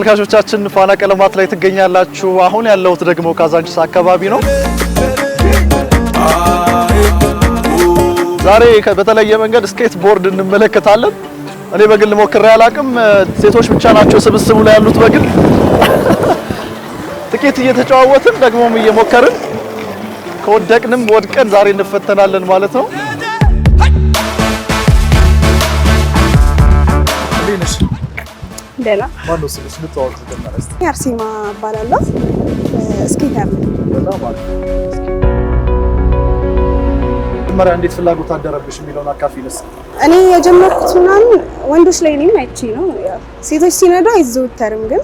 ተመልካቾቻችን ፋና ቀለማት ላይ ትገኛላችሁ። አሁን ያለሁት ደግሞ ካዛንቺስ አካባቢ ነው። ዛሬ በተለየ መንገድ ስኬት ቦርድ እንመለከታለን። እኔ በግል ሞክሬ አላቅም። ሴቶች ብቻ ናቸው ስብስቡ ላይ ያሉት። በግል ጥቂት እየተጨዋወትን ደግሞም እየሞከርን ከወደቅንም ወድቀን ዛሬ እንፈተናለን ማለት ነው። ደህና ማነው ስልሽ? ልተዋወቅ መጀመሪያ እንዴት ፍላጎት አደረብሽ የሚለውን አካፊንስ። እኔ የጀመርኩት ምናምን ወንዶች ላይ እኔም አይቼ ነው። ሴቶች ሲነዱ አይዘወተርም፣ ግን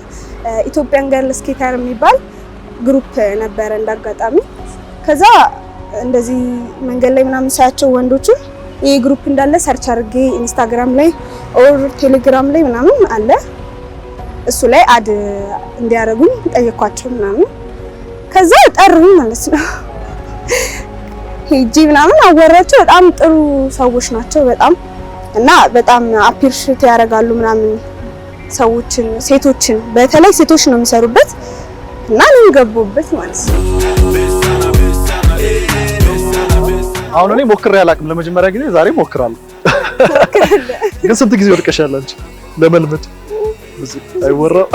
ኢትዮጵያን ገርል ስኬተር የሚባል ግሩፕ ነበረ እንዳጋጣሚ። ከዛ እንደዚህ መንገድ ላይ ምናምን ሳያቸው ወንዶችን ይህ ግሩፕ እንዳለ ሰርች አድርጌ ኢንስታግራም ላይ ኦር ቴሌግራም ላይ ምናምን አለ እሱ ላይ አድ እንዲያደርጉኝ ጠየኳቸው ምናምን። ከዛ ጠሩኝ ማለት ነው ሄጂ ምናምን አወራቸው። በጣም ጥሩ ሰዎች ናቸው በጣም እና በጣም አፒርሽት ያደርጋሉ ምናምን ሰዎችን፣ ሴቶችን በተለይ ሴቶች ነው የሚሰሩበት እና እኔም ገባሁበት ማለት ነው። አሁን እኔ ሞክሬ አላውቅም፣ ለመጀመሪያ ጊዜ ዛሬ ሞክራለሁ። ግን ስንት ጊዜ ወድቀሻል አንቺ ለመልመድ? ብዙ አይወራም።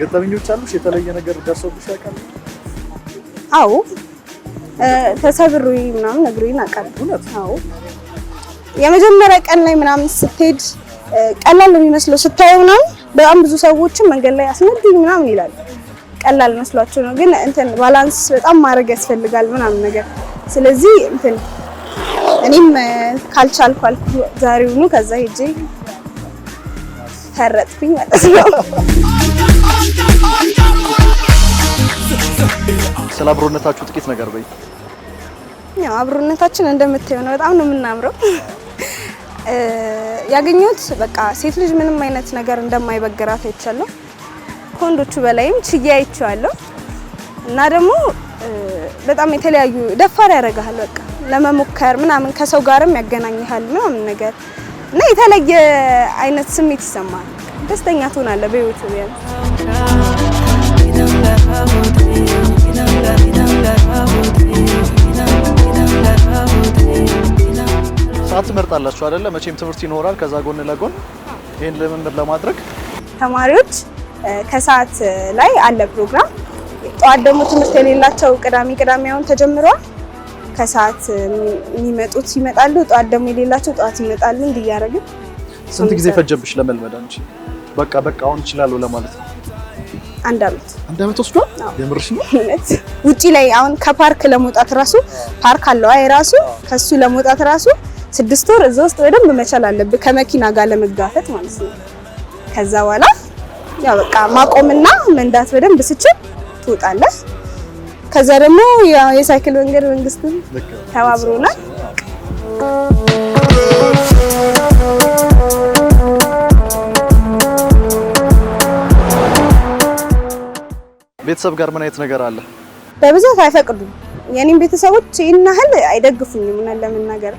ገጠመኞች አሉሽ? የተለየ ነገር ደርሶብሽ ያውቃል? አዎ ተሰብሮ ምናምን እግሬን አውቃለሁ። የመጀመሪያ ቀን ላይ ምናምን ስትሄድ ቀላል ነው የሚመስለው ስታየው ምናምን በጣም ብዙ ሰዎችን መንገድ ላይ አስነዱኝ ምናምን ይላል። ቀላል መስሏቸው ነው። ግን እንትን ባላንስ በጣም ማድረግ ያስፈልጋል ምናምን ነገር። ስለዚህ እንትን እኔም ካልቻልኩ አልኩ ዛሬውኑ፣ ከዛ ሄጄ ተረጥኩኝ ማለት ነው። ስለ አብሮነታችሁ ጥቂት ነገር በይ። ያው አብሮነታችን እንደምታየው ነው። በጣም ነው የምናምረው። ያገኘሁት በቃ ሴት ልጅ ምንም አይነት ነገር እንደማይበግራት አይቻለሁ። ከወንዶቹ በላይም ችዬ አይቼዋለሁ እና ደግሞ በጣም የተለያዩ ደፋር ያደርግሃል። በቃ ለመሞከር ምናምን ከሰው ጋርም ያገናኝሃል ምናምን ነገር እና የተለየ አይነት ስሜት ይሰማል። ደስተኛ ትሆናለህ በህይወቱ ቢያንስ። ሰዓት ትመርጣላችሁ አይደለ? መቼም ትምህርት ይኖራል። ከዛ ጎን ለጎን ይህን ልምምድ ለማድረግ ተማሪዎች ከሰዓት ላይ አለ ፕሮግራም። ጠዋት ደግሞ ትምህርት የሌላቸው ቅዳሜ ቅዳሜ አሁን ተጀምረዋል። ከሰዓት የሚመጡት ይመጣሉ፣ ጠዋት ደግሞ የሌላቸው ጠዋት ይመጣሉ። እንዲያደርግን ስንት ጊዜ ፈጀብሽ ለመልመድ አንቺ? በቃ በቃ አሁን እችላለሁ ለማለት ነው። አንድ አመት አንድ አመት ወስዷል። የምርሽ ነው? ውጪ ላይ አሁን ከፓርክ ለመውጣት ራሱ ፓርክ አለው አይ ከሱ ለመውጣት ራሱ ስድስት ወር እዛ ውስጥ በደንብ መቻል አለብህ፣ ከመኪና ጋር ለመጋፈጥ ማለት ነው። ከዛ በኋላ ያው በቃ ማቆምና መንዳት በደንብ ስችል ትውጣለህ። ከዛ ደግሞ የሳይክል መንገድ መንግስቱ ተባብሮናል። ቤተሰብ ጋር ምን አይነት ነገር አለ? በብዛት አይፈቅዱም። የኔም ቤተሰቦች ይህን ያህል አይደግፉኝም። ነገር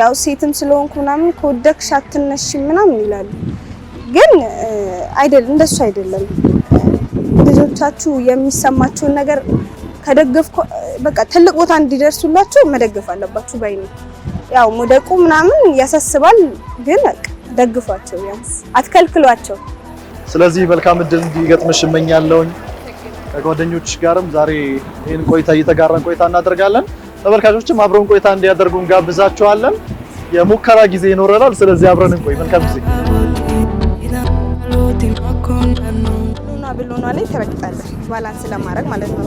ያው ሴትም ስለሆንኩ ምናምን ከወደቅሽ አትነሺም ምናምን ይላሉ። ግን አይደል እንደሱ አይደለም። ልጆቻችሁ የሚሰማችሁን ነገር ከደገፍ በቃ ትልቅ ቦታ እንዲደርሱላችሁ መደገፍ አለባችሁ በይኑ ያው መውደቁ ምናምን ያሳስባል፣ ግን ደግፏቸው፣ አትከልክሏቸው። ስለዚህ መልካም እድል እንዲገጥምሽ እመኛለሁኝ። ከጓደኞች ጋርም ዛሬ ይህን ቆይታ እየተጋራን ቆይታ እናደርጋለን። ተመልካቾችም አብረን ቆይታ እንዲያደርጉ እንጋብዛችኋለን። የሙከራ ጊዜ ይኖረናል። ስለዚህ አብረን እንቆይ። መልካም ጊዜ ጎኗ ላይ ትረግጣለህ፣ ባላንስ ለማድረግ ማለት ነው።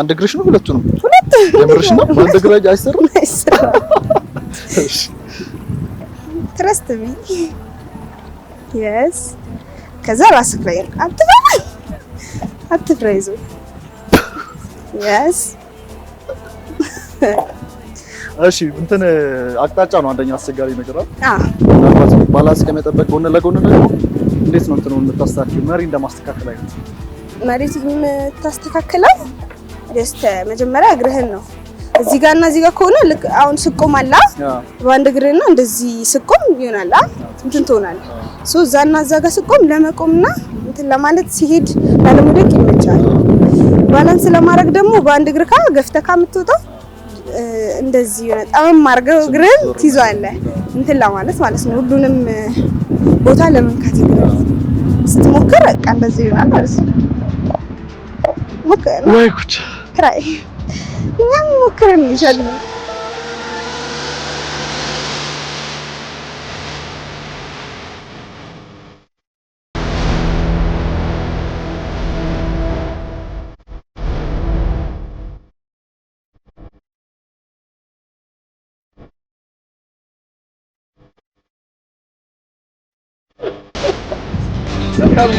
አንድ እግርሽ ነው ሁለቱ ነው ሁለት የምርሽ ነው። አንድ እግር አይሰራም። ትረስት ሚ የስ ከዛ ራስ ላይ አትፍራ፣ አትፍራ ይዞ የስ እሺ እንትን አቅጣጫ ነው አንደኛ አስቸጋሪ ነገር አለ። ምናልባት ባላንስ ከመጠበቅ ጎን ለጎን ደግሞ እንዴት ነው እንትኑ የምታስተካክል መሪ እንደማስተካከል አይነት መሬት የምታስተካክለው ደስተ መጀመሪያ እግርህን ነው እዚህ ጋር እና እዚህ ጋር ከሆነ ልክ አሁን ስቆም አላ በአንድ እግርና እንደዚህ ስቆም ይሆናል እንትን ትሆናለህ። ሶ እዛና እዛ ጋር ስቆም ለመቆምና እንትን ለማለት ሲሄድ ላለመውደቅ ይመቻል። ባላንስ ለማድረግ ደግሞ በአንድ እግር ካ ገፍተካ የምትወጣው እንደዚህ የሆነ ጣም አድርገው እግርን ትይዟለህ እንትን ለማለት ማለት ነው። ሁሉንም ቦታ ለመንካት ይግረል ስትሞክር በቃ እንደዚህ ይሆናል ማለት ነው። ሞክር ወይ ኩቻ ክራይ እኛም ሞክረን ይሻል Bakalım.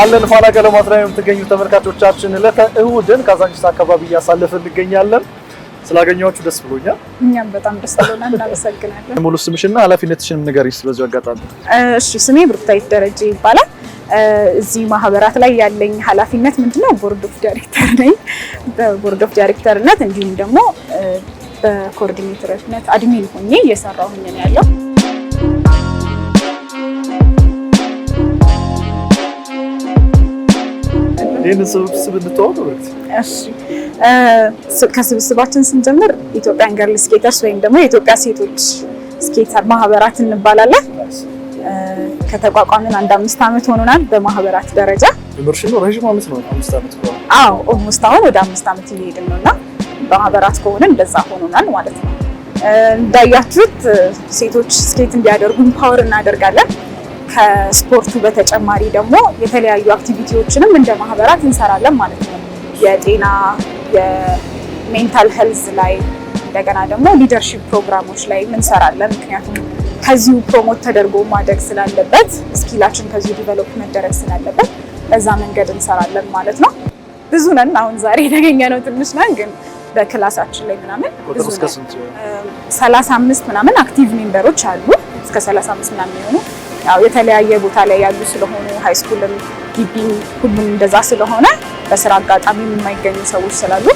አለን ፋና ቀለማት ላይ የምትገኙ ተመልካቾቻችን ዕለተ እሁድን ካዛንቺስ አካባቢ እያሳለፍን እንገኛለን። ስላገኘኋችሁ ደስ ብሎኛል። እኛም በጣም ደስ ብሎናል። እናመሰግናለን። ሙሉ ስምሽና ኃላፊነትሽንም ንገሪ ስለዚህ አጋጣሚ። እሺ ስሜ ብሩክታዊት ደረጀ ይባላል። እዚህ ማህበራት ላይ ያለኝ ኃላፊነት ምንድነው? ቦርድ ኦፍ ዳይሬክተር ነኝ። በቦርድ ኦፍ ዳይሬክተርነት እንዲሁም ደግሞ በኮኦርዲኔተርነት አድሚን ሆኜ እየሰራሁኝ ነው ያለው። ስብስብ ከስብስባችን ስንጀምር ኢትዮጵያን ገርል ስኬተርስ ወይም ደግሞ የኢትዮጵያ ሴቶች ስኬተር ማህበራት እንባላለን። ከተቋቋምን አንድ አምስት ዓመት ሆኖናል። በማህበራት ደረጃ ነው ኦልሞስት አሁን ወደ አምስት ዓመት እየሄድን ነውና ማህበራት ከሆነ እንደዛ ሆኖናል ማለት ነው። እንዳያችሁት ሴቶች ስኬት እንዲያደርጉ ፓወር እናደርጋለን። ከስፖርቱ በተጨማሪ ደግሞ የተለያዩ አክቲቪቲዎችንም እንደ ማህበራት እንሰራለን ማለት ነው። የጤና የሜንታል ሄልዝ ላይ እንደገና ደግሞ ሊደርሺፕ ፕሮግራሞች ላይ እንሰራለን። ምክንያቱም ከዚሁ ፕሮሞት ተደርጎ ማደግ ስላለበት ስኪላችን ከዚሁ ዲቨሎፕ መደረግ ስላለበት በዛ መንገድ እንሰራለን ማለት ነው። ብዙ ነን። አሁን ዛሬ የተገኘ ነው ትንሽ ነን ግን በክላሳችን ላይ ምናምን ሰላሳ አምስት ምናምን አክቲቭ ሜምበሮች አሉ። እስከ ሰላሳ አምስት ምናምን የሆኑ ያው የተለያየ ቦታ ላይ ያሉ ስለሆኑ ስኩልም ግቢ ሁሉም እንደዛ ስለሆነ በስራ አጋጣሚ የማይገኙ ሰዎች ስላሉ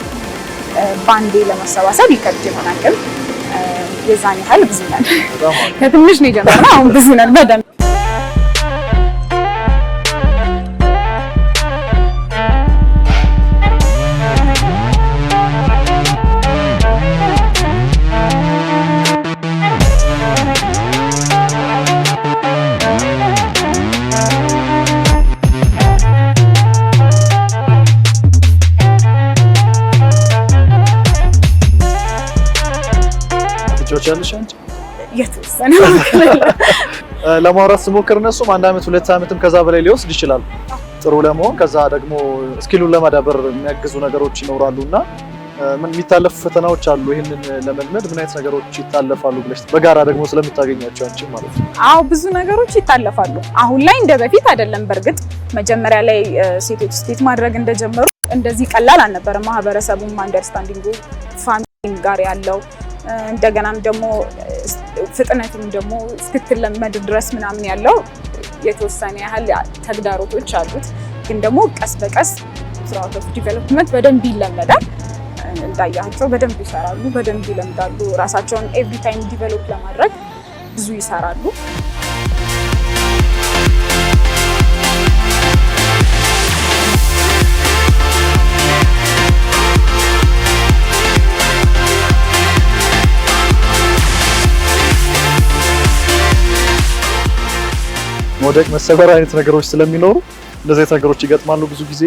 ባንዴ ለመሰባሰብ ይከብድ ይሆናል። ግን የዛን ያህል ብዙ ነን። ከትንሽ ነው የጀመርነው። አሁን ብዙ ነን በደንብ ትወዳለሽ አንቺ? የተወሰነ ለማውራት ስሞክር እነሱም አንድ አመት ሁለት አመትም ከዛ በላይ ሊወስድ ይችላል ጥሩ ለመሆን ከዛ ደግሞ ስኪሉን ለማዳበር የሚያግዙ ነገሮች ይኖራሉ እና ምን የሚታለፉ ፈተናዎች አሉ። ይህንን ለመልመድ ምን አይነት ነገሮች ይታለፋሉ ብለሽ በጋራ ደግሞ ስለምታገኛቸው አንቺ ማለት ነው? አዎ ብዙ ነገሮች ይታለፋሉ። አሁን ላይ እንደ በፊት አይደለም። በእርግጥ መጀመሪያ ላይ ሴቶች ስቴት ማድረግ እንደጀመሩ እንደዚህ ቀላል አልነበረም። ማህበረሰቡም አንደርስታንዲንግ ፋሚሊ ጋር ያለው እንደገናም ደግሞ ፍጥነትም ደግሞ እስክትለመድ ድረስ ምናምን ያለው የተወሰነ ያህል ተግዳሮቶች አሉት። ግን ደግሞ ቀስ በቀስ ስራዎች ኦፍ ዲቨሎፕመንት በደንብ ይለመዳል። እንዳያቸው በደንብ ይሰራሉ፣ በደንብ ይለምዳሉ። ራሳቸውን ኤቭሪ ታይም ዲቨሎፕ ለማድረግ ብዙ ይሰራሉ። መውደቅ፣ መሰበር አይነት ነገሮች ስለሚኖሩ እንደዚህ አይነት ነገሮች ይገጥማሉ ብዙ ጊዜ።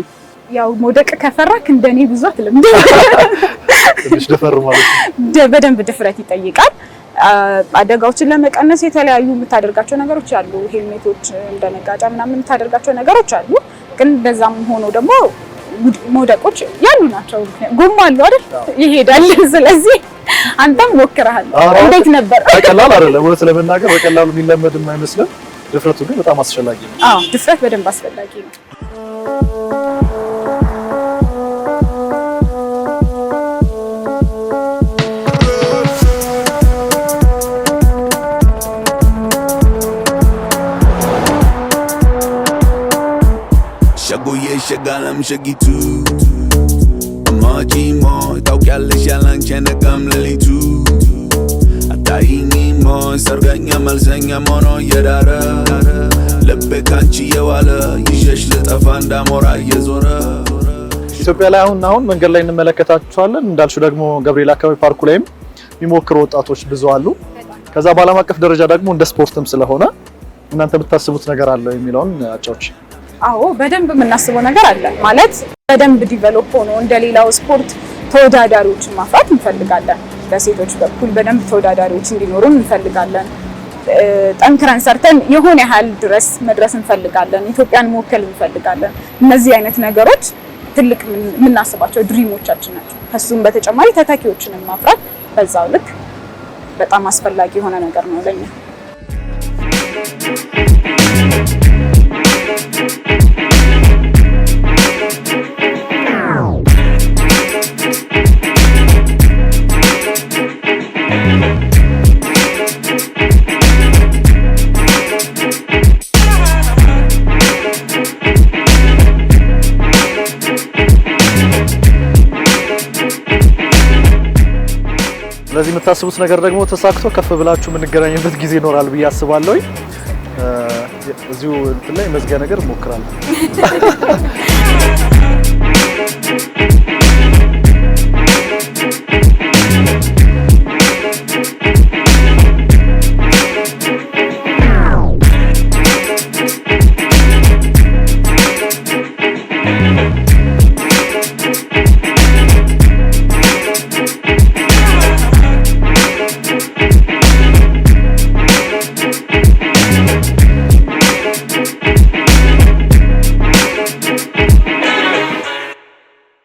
ያው መውደቅ ከፈራክ እንደኔ ብዙ አትለምድ። ትንሽ ደፈር ማለት በደንብ ድፍረት ይጠይቃል። አደጋዎችን ለመቀነስ የተለያዩ የምታደርጋቸው ነገሮች አሉ። ሄልሜቶች እንደ ምናምን የምታደርጋቸው ነገሮች አሉ። ግን በዛም ሆኖ ደግሞ መውደቆች ያሉ ናቸው። ጎማ አሉ አይደል? ይሄዳል። ስለዚህ አንተም ሞክረሃል። እንዴት ነበር? ቀላል አይደለም። እውነት ለመናገር በቀላሉ የሚለመድም አይመስልም። ድፍረቱ ግን በጣም አስፈላጊ ነው። አዎ ድፍረት በደንብ አስፈላጊ ነው። ሸጎዬ ሸጋለም ሸጊቱ ማጂሞ ታውቂያለሽ ያላንቺ ነቀም ሌሊቱ ሆኖኝ ሰርገኛ መልሰኛ ሆኖ እየዳረ ልቤ ካንቺ እየዋለ ይሸሽ ልጠፋ እንዳሞራ እየዞረ ኢትዮጵያ ላይ አሁን አሁን መንገድ ላይ እንመለከታችኋለን። እንዳልሹ ደግሞ ገብርኤል አካባቢ ፓርኩ ላይም የሚሞክሩ ወጣቶች ብዙ አሉ። ከዛ በዓለም አቀፍ ደረጃ ደግሞ እንደ ስፖርትም ስለሆነ እናንተ የምታስቡት ነገር አለ የሚለውን አጫዎች። አዎ በደንብ የምናስበው ነገር አለ ማለት በደንብ ዲቨሎፕ ሆኖ እንደሌላው ስፖርት ተወዳዳሪዎችን ማፍራት እንፈልጋለን። በሴቶች በኩል በደንብ ተወዳዳሪዎች እንዲኖሩን እንፈልጋለን። ጠንክረን ሰርተን የሆነ ያህል ድረስ መድረስ እንፈልጋለን። ኢትዮጵያን መወከል እንፈልጋለን። እነዚህ አይነት ነገሮች ትልቅ የምናስባቸው ድሪሞቻችን ናቸው። ከሱም በተጨማሪ ተተኪዎችንም ማፍራት በዛው ልክ በጣም አስፈላጊ የሆነ ነገር ነው ለኛ። የምታስቡት ነገር ደግሞ ተሳክቶ ከፍ ብላችሁ የምንገናኝበት ጊዜ ይኖራል ብዬ አስባለሁ። እዚሁ እንትን ላይ መዝጊያ ነገር እሞክራለሁ።